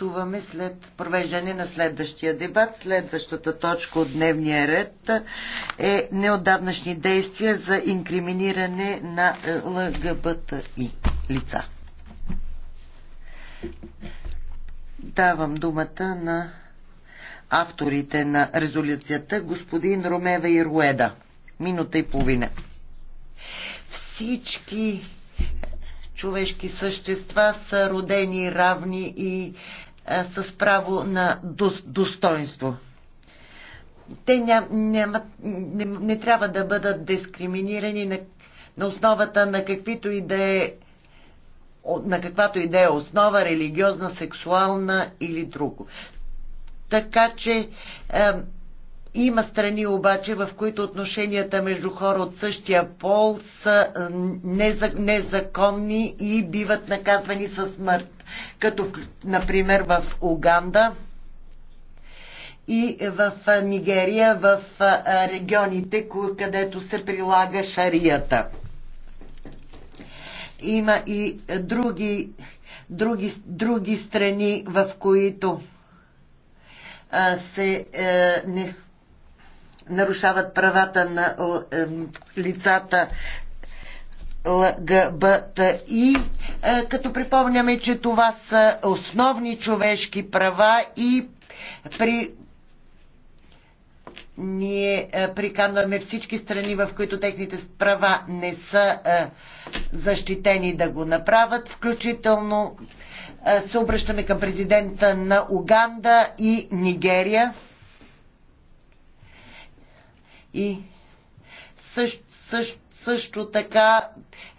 гласуваме след провеждане на следващия дебат. Следващата точка от дневния ред е неотдавнашни действия за инкриминиране на е, ЛГБТИ лица. Давам думата на авторите на резолюцията, господин Ромева и Руеда. Минута и половина. Всички човешки същества са родени равни и с право на достоинство. Те ня, няма, не, не трябва да бъдат дискриминирани на, на основата на каквито и да е на каквато и да е основа, религиозна, сексуална или друго. Така че е, има страни обаче, в които отношенията между хора от същия пол са незаконни и биват наказвани със смърт като например в Уганда и в Нигерия, в регионите, където се прилага шарията. Има и други, други, други страни, в които се е, не нарушават правата на е, лицата ЛГБТИ, е, като припомняме, че това са основни човешки права и при ние е, приканваме всички страни, в които техните права не са е, защитени да го направят, включително се обръщаме към президента на Уганда и Нигерия. И също, също също така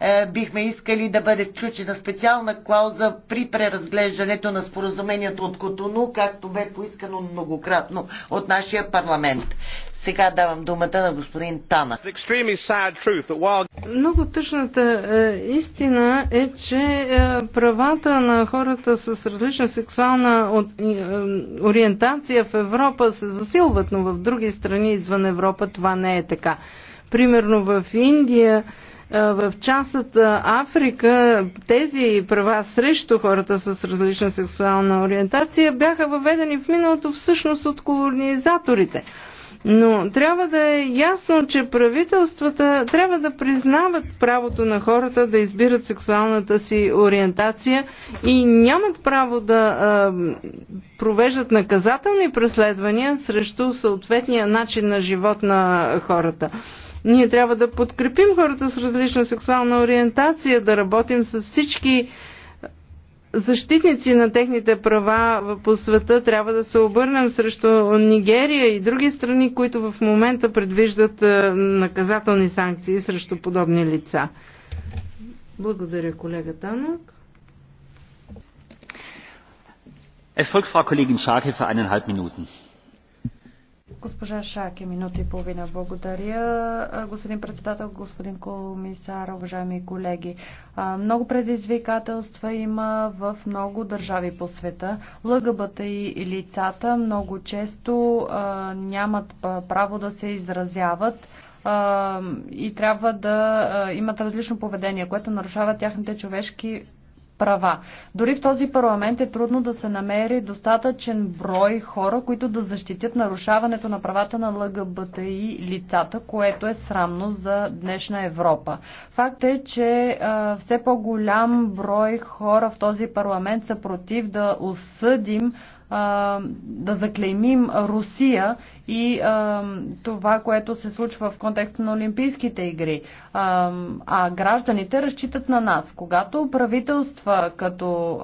е, бихме искали да бъде включена специална клауза при преразглеждането на споразумението от Котону, както бе поискано многократно от нашия парламент. Сега давам думата на господин Тана. Много тъжната е, истина е, че е, правата на хората с различна сексуална ориентация в Европа се засилват, но в други страни извън Европа това не е така. Примерно в Индия, в частата Африка, тези права срещу хората с различна сексуална ориентация бяха въведени в миналото всъщност от колонизаторите. Но трябва да е ясно, че правителствата трябва да признават правото на хората да избират сексуалната си ориентация и нямат право да а, провеждат наказателни преследвания срещу съответния начин на живот на хората. Ние трябва да подкрепим хората с различна сексуална ориентация, да работим с всички защитници на техните права по света. Трябва да се обърнем срещу Нигерия и други страни, които в момента предвиждат е, наказателни санкции срещу подобни лица. Благодаря, колега Танок. Es folgt Frau Kollegin Scharke für eineinhalb Minuten. Госпожа Шаке, минута и половина. Благодаря, господин председател, господин комисар, уважаеми колеги. Много предизвикателства има в много държави по света. Лъгъбата и лицата много често нямат право да се изразяват и трябва да имат различно поведение, което нарушава тяхните човешки права. Дори в този парламент е трудно да се намери достатъчен брой хора, които да защитят нарушаването на правата на и лицата, което е срамно за днешна Европа. Факт е, че а, все по-голям брой хора в този парламент са против да осъдим да заклеймим Русия и това, което се случва в контекста на Олимпийските игри. А гражданите разчитат на нас. Когато правителства като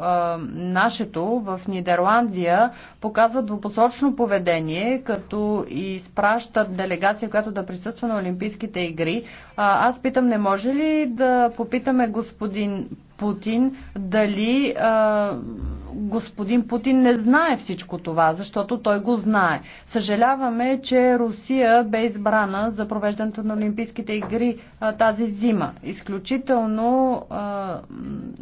нашето в Нидерландия показват двупосочно поведение, като изпращат делегация, която да присъства на Олимпийските игри, аз питам, не може ли да попитаме господин Путин, дали а, господин Путин не знае всичко това, защото той го знае. Съжаляваме, че Русия бе избрана за провеждането на Олимпийските игри а, тази зима. Изключително а,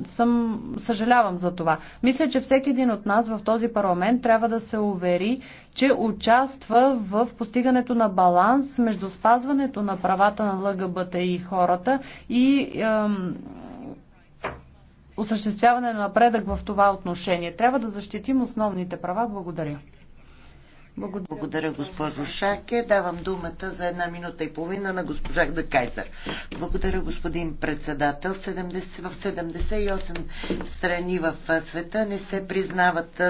съм, съжалявам за това. Мисля, че всеки един от нас в този парламент трябва да се увери, че участва в постигането на баланс между спазването на правата на ЛГБТ и хората и. А, осъществяване на напредък в това отношение. Трябва да защитим основните права. Благодаря. Благодаря, Благодаря госпожо Шаке. Давам думата за една минута и половина на госпожа Декайзер. Благодаря, господин председател. 70, в 78 страни в света не се признават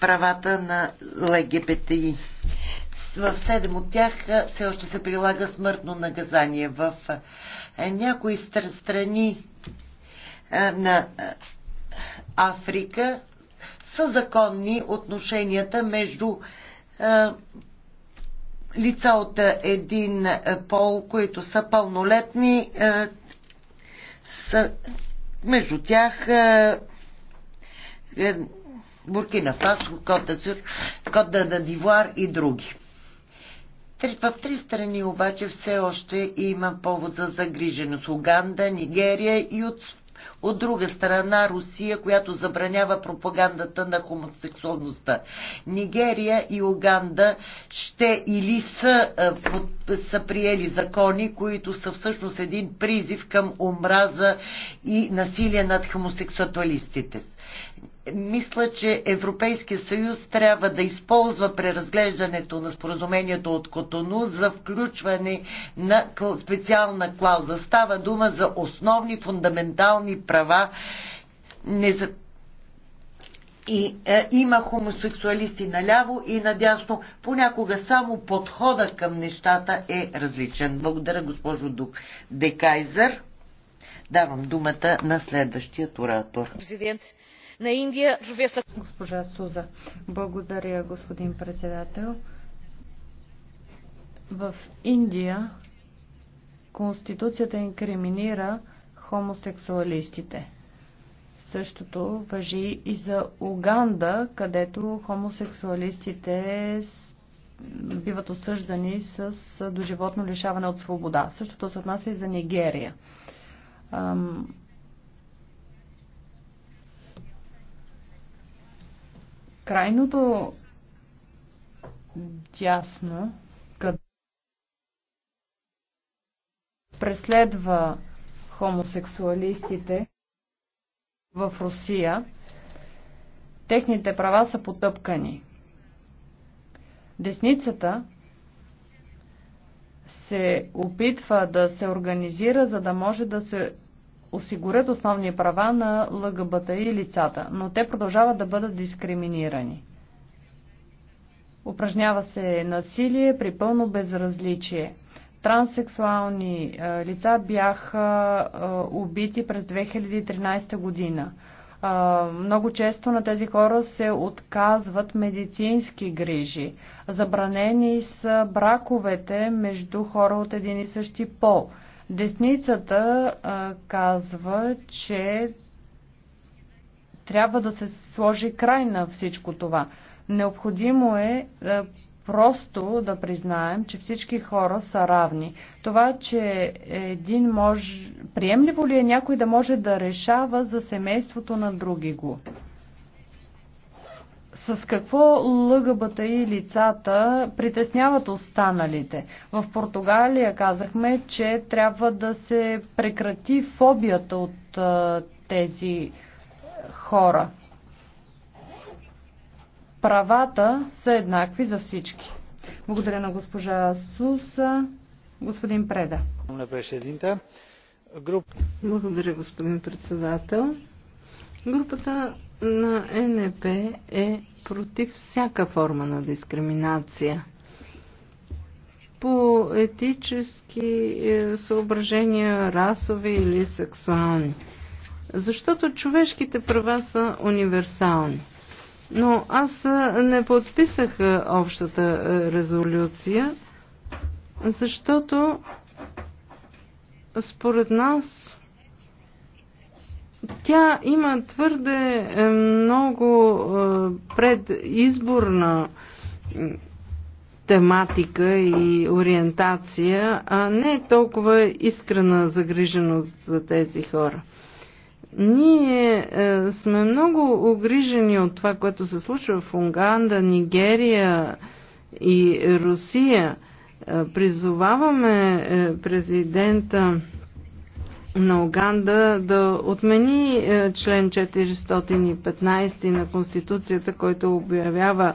правата на ЛГБТИ. В 7 от тях все още се прилага смъртно наказание. В някои страни е, на е, Африка са законни отношенията между е, лица от един пол, които са пълнолетни, са между тях Буркина Фасо, Кота Сюр, Кота Дивуар и други. В три страни обаче все още има повод за загриженост. Уганда, Нигерия и от от друга страна Русия, която забранява пропагандата на хомосексуалността. Нигерия и Уганда ще или са, е, са приели закони, които са всъщност един призив към омраза и насилие над хомосексуалистите мисля, че Европейския съюз трябва да използва преразглеждането на споразумението от Котону за включване на специална клауза. Става дума за основни фундаментални права. Не за... И е, има хомосексуалисти наляво и надясно. Понякога само подхода към нещата е различен. Благодаря, госпожо Дук Декайзер. Давам думата на следващия оратор. Президент, на Индия Рвеса. Госпожа Суза, благодаря, господин председател. В Индия Конституцията инкриминира хомосексуалистите. Същото въжи и за Уганда, където хомосексуалистите биват осъждани с доживотно лишаване от свобода. Същото се отнася и за Нигерия. крайното дясно, къде преследва хомосексуалистите в Русия, техните права са потъпкани. Десницата се опитва да се организира, за да може да се осигурят основни права на ЛГБТ и лицата, но те продължават да бъдат дискриминирани. Упражнява се насилие при пълно безразличие. Транссексуални е, лица бяха е, убити през 2013 година. Е, много често на тези хора се отказват медицински грижи. Забранени са браковете между хора от един и същи пол Десницата а, казва, че трябва да се сложи край на всичко това. Необходимо е а, просто да признаем, че всички хора са равни. Това, че един може... Приемливо ли е някой да може да решава за семейството на други го? С какво лъгъбата и лицата притесняват останалите? В Португалия казахме, че трябва да се прекрати фобията от а, тези хора. Правата са еднакви за всички. Благодаря на госпожа Суса. Господин Преда. Благодаря, господин председател. Групата на НП е против всяка форма на дискриминация. По етически е, съображения, расови или сексуални. Защото човешките права са универсални. Но аз е, не подписах е, общата резолюция, защото според нас тя има твърде е, много е, предизборна тематика и ориентация, а не е толкова искрена загриженост за тези хора. Ние е, сме много огрижени от това, което се случва в Унганда, Нигерия и Русия. призоваваме президента на Оганда да отмени е, член 415 на Конституцията, който обявява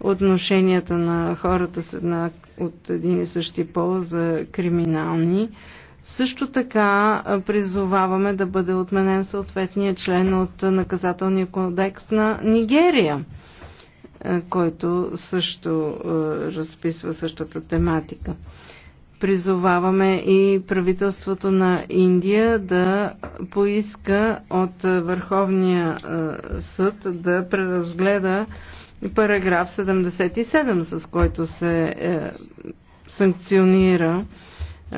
отношенията на хората с една, от един и същи пол за криминални. Също така е, призоваваме да бъде отменен съответния член от наказателния кодекс на Нигерия, е, който също разписва същата тематика. Призоваваме и правителството на Индия да поиска от Върховния съд да преразгледа параграф 77, с който се е, санкционира е,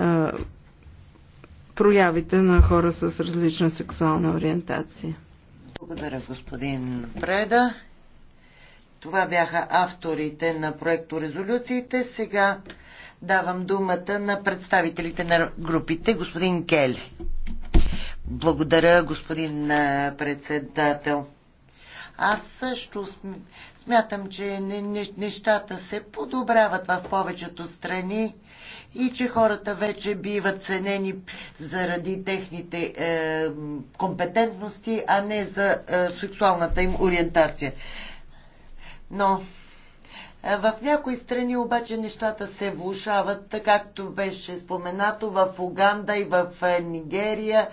проявите на хора с различна сексуална ориентация. Благодаря, господин Преда. Това бяха авторите на резолюциите. Сега Давам думата на представителите на групите. Господин Кели. Благодаря, господин председател. Аз също смятам, че нещата се подобряват в повечето страни и че хората вече биват ценени заради техните е, компетентности, а не за е, сексуалната им ориентация. Но в някои страни обаче нещата се влушават, както беше споменато в Уганда и в е, Нигерия.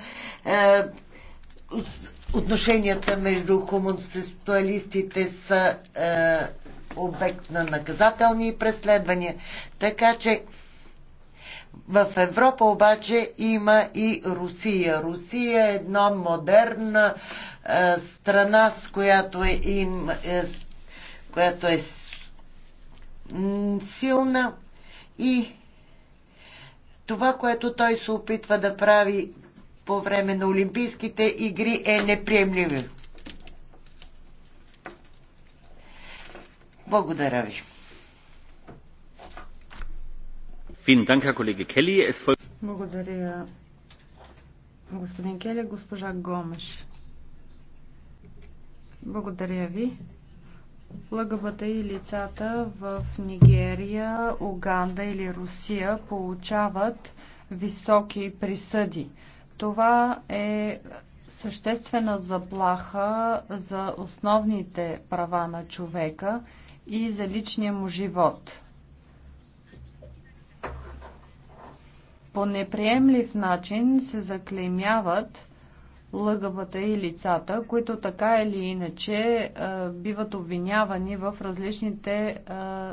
Е, отношенията между хомосексуалистите са е, обект на наказателни преследвания. Така че в Европа обаче има и Русия. Русия е една модерна страна, с която е, им, е, която е силна и това, което той се опитва да прави по време на Олимпийските игри е неприемливо. Благодаря ви. Благодаря, господин Кели. Госпожа Гомеш. Благодаря ви. Лъгавата и лицата в Нигерия, Уганда или Русия получават високи присъди. Това е съществена заплаха за основните права на човека и за личния му живот. По неприемлив начин се заклеймяват лъгавата и лицата, които така или иначе е, биват обвинявани в различните е,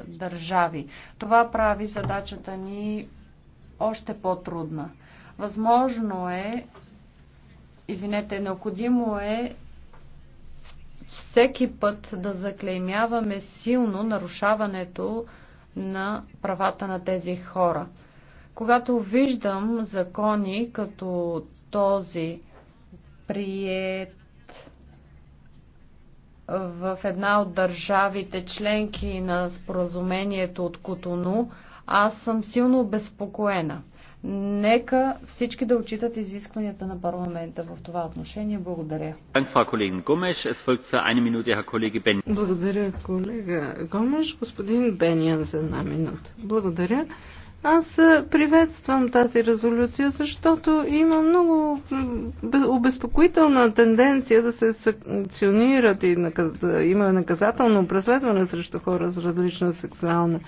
държави. Това прави задачата ни още по-трудна. Възможно е, извинете, необходимо е всеки път да заклеймяваме силно нарушаването на правата на тези хора. Когато виждам закони като този, прият в една от държавите членки на споразумението от Котону, аз съм силно обезпокоена. Нека всички да отчитат изискванията на парламента в това отношение. Благодаря. Благодаря, колега Гомеш. Господин Бениан за една минута. Благодаря. Аз приветствам тази резолюция, защото има много обезпокоителна тенденция да се санкционират и да има наказателно преследване срещу хора с различна сексуална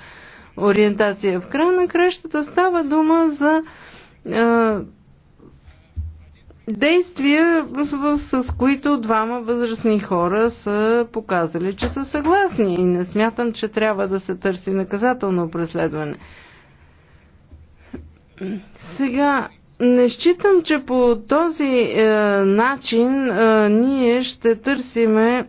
ориентация. В края на кращата става дума за е, действия, с, с които двама възрастни хора са показали, че са съгласни и не смятам, че трябва да се търси наказателно преследване. Сега, не считам, че по този е, начин е, ние ще търсиме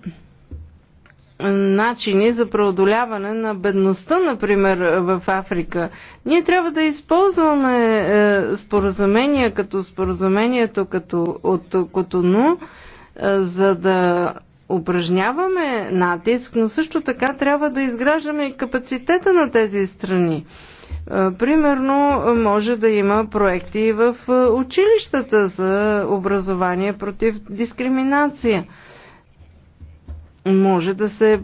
начини за преодоляване на бедността, например, в Африка. Ние трябва да използваме е, споразумения като споразумението като, от Котону, е, за да упражняваме натиск, но също така трябва да изграждаме и капацитета на тези страни. Е, е, примерно, може да има проекти в е, училищата за образование против дискриминация. Може да се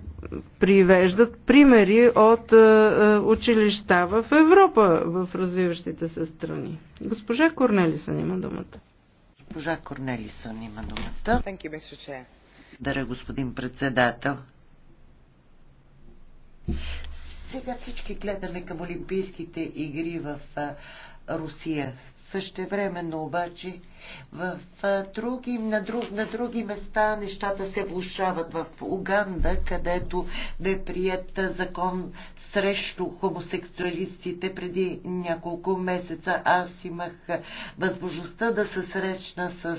привеждат примери от е, училища в Европа, в развиващите се страни. Госпожа Корнелисън има думата. Госпожа Корнелисън има думата. Thank you, Благодаря, господин председател. Сега всички гледаме към Олимпийските игри в Русия. Същевременно обаче в други, на, друг, на други места нещата се влушават. В Уганда, където бе прият закон срещу хомосексуалистите преди няколко месеца, аз имах възможността да се срещна с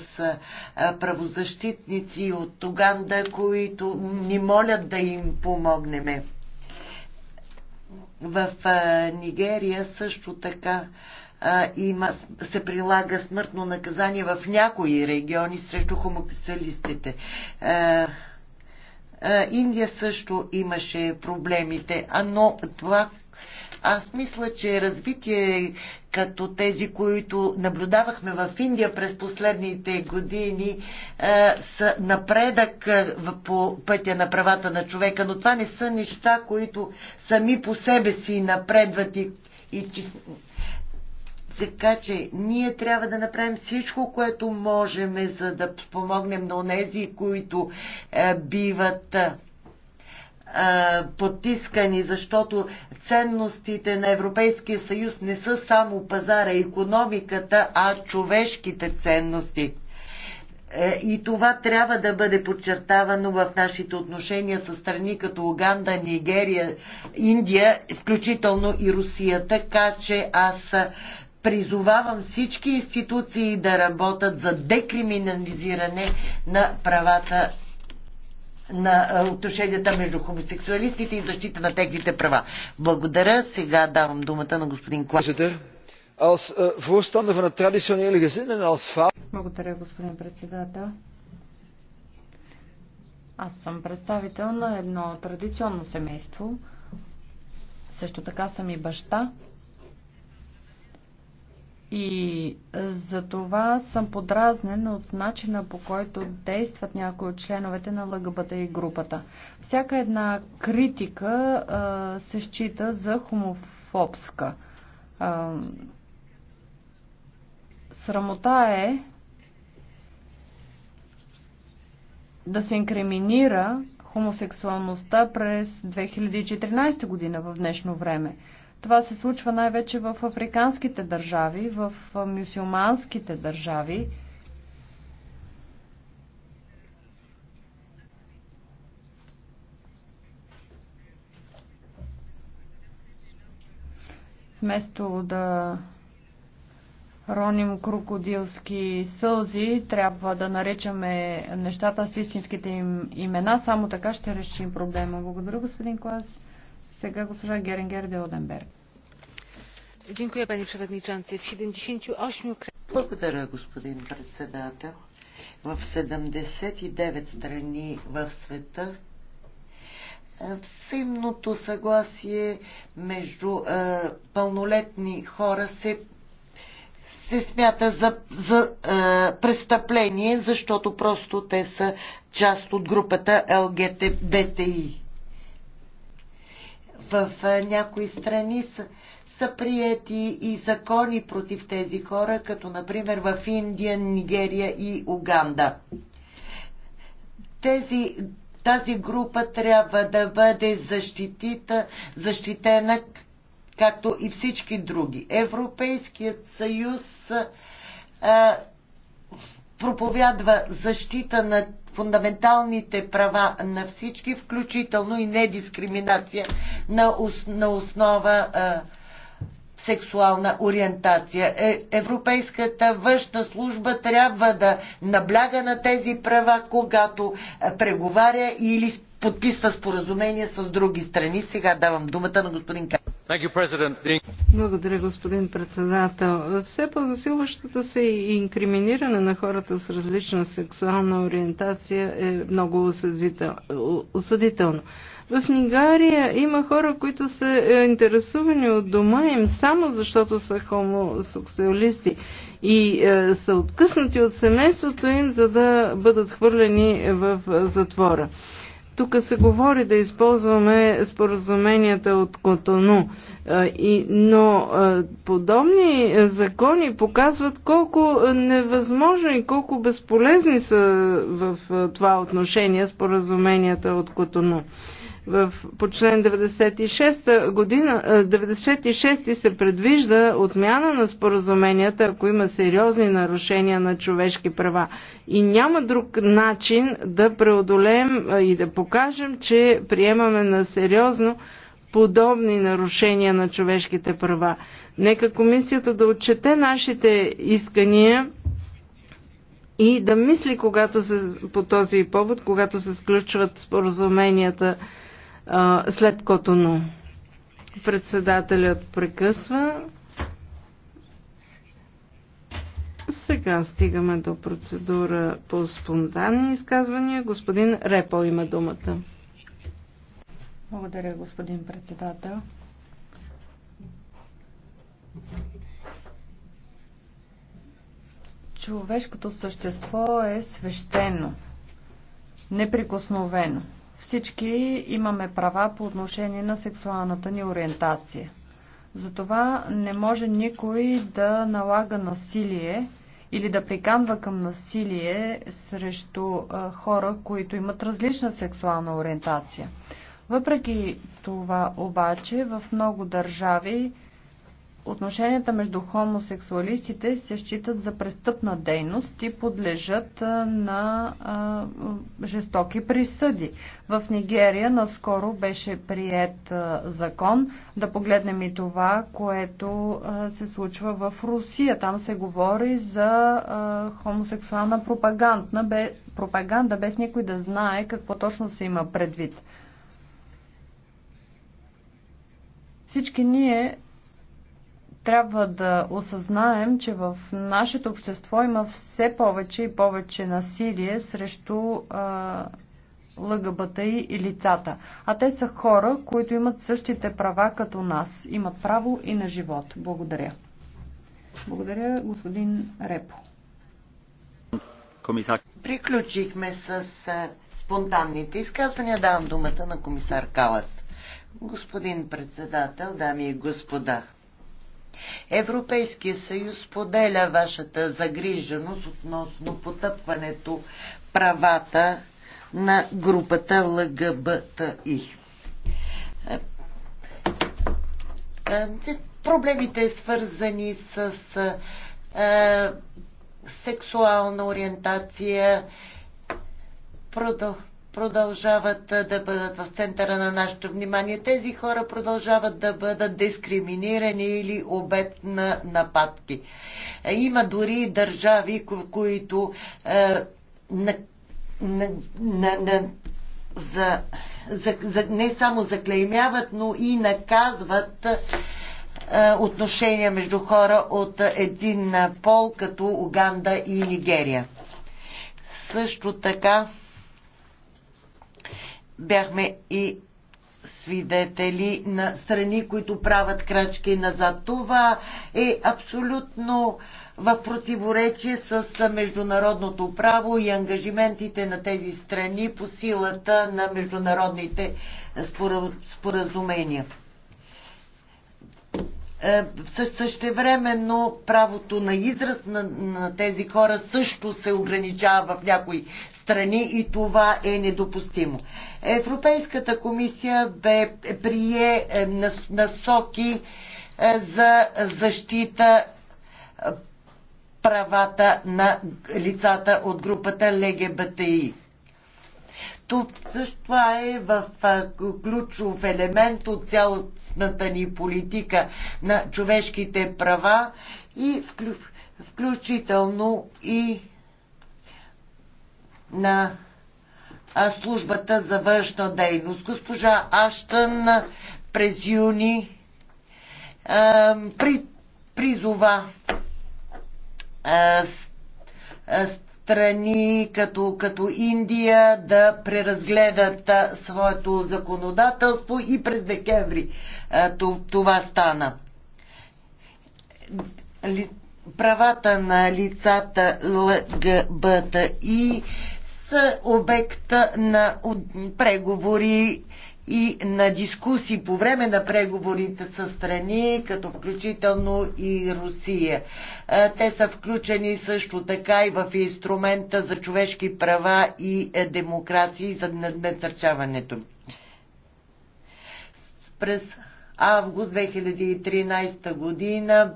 правозащитници от Уганда, които ни молят да им помогнеме. В Нигерия също така има, се прилага смъртно наказание в някои региони срещу хомосексуалистите. Индия също имаше проблемите, а но това, аз мисля, че развитие като тези, които наблюдавахме в Индия през последните години, е, са напредък е, по пътя на правата на човека, но това не са неща, които сами по себе си напредват и, и така че ние трябва да направим всичко, което можем, за да помогнем на онези, които е, биват е, потискани, защото ценностите на Европейския съюз не са само пазара, економиката, а човешките ценности. Е, и това трябва да бъде подчертавано в нашите отношения с страни като Уганда, Нигерия, Индия, включително и Русия. Така че аз призовавам всички институции да работят за декриминализиране на правата на отношенията между хомосексуалистите и защита на техните права. Благодаря. Сега давам думата на господин Клас. Благодаря, господин председател. Аз съм представител на едно традиционно семейство. Също така съм и баща. И е, за това съм подразнен от начина по който действат някои от членовете на ЛГБТ и групата. Всяка една критика а, е, се счита за хомофобска. А, е, срамота е да се инкриминира хомосексуалността през 2014 година в днешно време. Това се случва най-вече в африканските държави, в мюсюлманските държави. Вместо да роним крокодилски сълзи, трябва да наречаме нещата с истинските им имена. Само така ще решим проблема. Благодаря, господин Клас. Сега госпожа Герингер де Оденберг. Благодаря, господин председател. В 79 страни в света е, взаимното съгласие между а, е, пълнолетни хора се, се смята за, за а, е, престъпление, защото просто те са част от групата ЛГТБТИ в някои страни са, са приети и закони против тези хора, като например в Индия, Нигерия и Уганда. Тези, тази група трябва да бъде защитита, защитена, както и всички други. Европейският съюз а, проповядва защита на фундаменталните права на всички, включително и недискриминация на, ос, на основа а, сексуална ориентация. Е, Европейската външна служба трябва да набляга на тези права, когато преговаря или подписва споразумения с други страни. Сега давам думата на господин Кайн. Благодаря, господин председател. Все по засилващата се и инкриминиране на хората с различна сексуална ориентация е много осъдително. В Нигария има хора, които са е, интересувани от дома им само защото са хомосексуалисти и е, са откъснати от семейството им, за да бъдат хвърлени в е, затвора. Тук се говори да използваме споразуменията от Котону, но подобни закони показват колко невъзможно и колко безполезни са в това отношение споразуменията от Котону в, по член 96 година, 96 е, се предвижда отмяна на споразуменията, ако има сериозни нарушения на човешки права. И няма друг начин да преодолеем е, и да покажем, че приемаме на сериозно подобни нарушения на човешките права. Нека комисията да отчете нашите искания и да мисли когато се, по този повод, когато се сключват споразуменията след но Председателят прекъсва. Сега стигаме до процедура по спонтанни изказвания. Господин Репо има думата. Благодаря, господин председател. Човешкото същество е свещено, неприкосновено. Всички имаме права по отношение на сексуалната ни ориентация. Затова не може никой да налага насилие или да приканва към насилие срещу хора, които имат различна сексуална ориентация. Въпреки това обаче в много държави отношенията между хомосексуалистите се считат за престъпна дейност и подлежат на жестоки присъди. В Нигерия наскоро беше прият закон. Да погледнем и това, което се случва в Русия. Там се говори за хомосексуална пропаганда, пропаганда без никой да знае какво точно се има предвид. Всички ние трябва да осъзнаем, че в нашето общество има все повече и повече насилие срещу а, ЛГБТ и лицата. А те са хора, които имат същите права като нас. Имат право и на живот. Благодаря. Благодаря, господин Репо. Комисар. Приключихме с спонтанните изказвания. Давам думата на комисар Калас. Господин председател, дами и господа, Европейския съюз поделя вашата загриженост относно потъпването правата на групата ЛГБТИ. Е, проблемите свързани с е, сексуална ориентация, продъл продължават да бъдат в центъра на нашето внимание. Тези хора продължават да бъдат дискриминирани или обект на нападки. Има дори държави, които е, на, на, на, на, за, за, за, не само заклеймяват, но и наказват е, отношения между хора от един пол, като Уганда и Нигерия. Също така Бяхме и свидетели на страни, които правят крачки назад. Това е абсолютно в противоречие с международното право и ангажиментите на тези страни по силата на международните споразумения. Е, същевременно правото на израз на, на тези хора също се ограничава в някои страни и това е недопустимо. Европейската комисия бе прие е, насоки е, за защита е, правата на лицата от групата ЛГБТИ. Тук това е в ключов елемент от цялостната ни политика на човешките права и включително и на службата за външна дейност. Госпожа Аштън през юни при, призова страни като, като Индия да преразгледат своето законодателство и през декември това стана. Правата на лицата ЛГБТ и са обект на преговори и на дискусии по време на преговорите с страни, като включително и Русия. Те са включени също така и в инструмента за човешки права и е, демокрации за насърчаването. През август 2013 година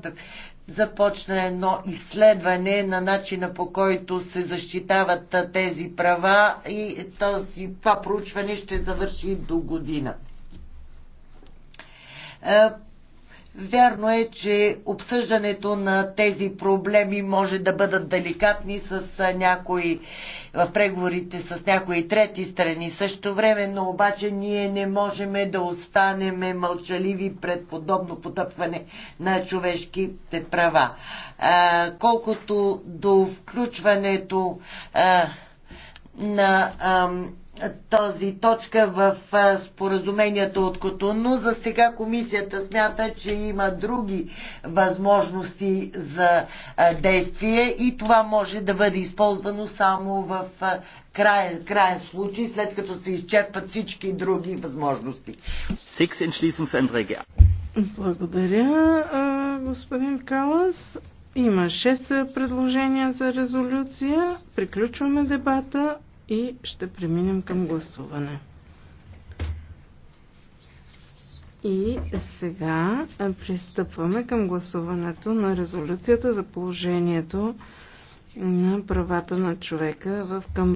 започна едно изследване на начина по който се защитават тези права и този, това проучване ще завърши до година. Вярно е, че обсъждането на тези проблеми може да бъдат деликатни с някои в преговорите с някои трети страни. Също време, но обаче ние не можем да останем мълчаливи пред подобно потъпване на човешките права. А, колкото до включването а, на а, този точка в споразумението от Котону. За сега комисията смята, че има други възможности за действие и това може да бъде използвано само в краен, краен случай, след като се изчерпат всички други възможности. Благодаря, господин Калас. Има шест предложения за резолюция. Приключваме дебата и ще преминем към гласуване. И сега пристъпваме към гласуването на резолюцията за положението на правата на човека в към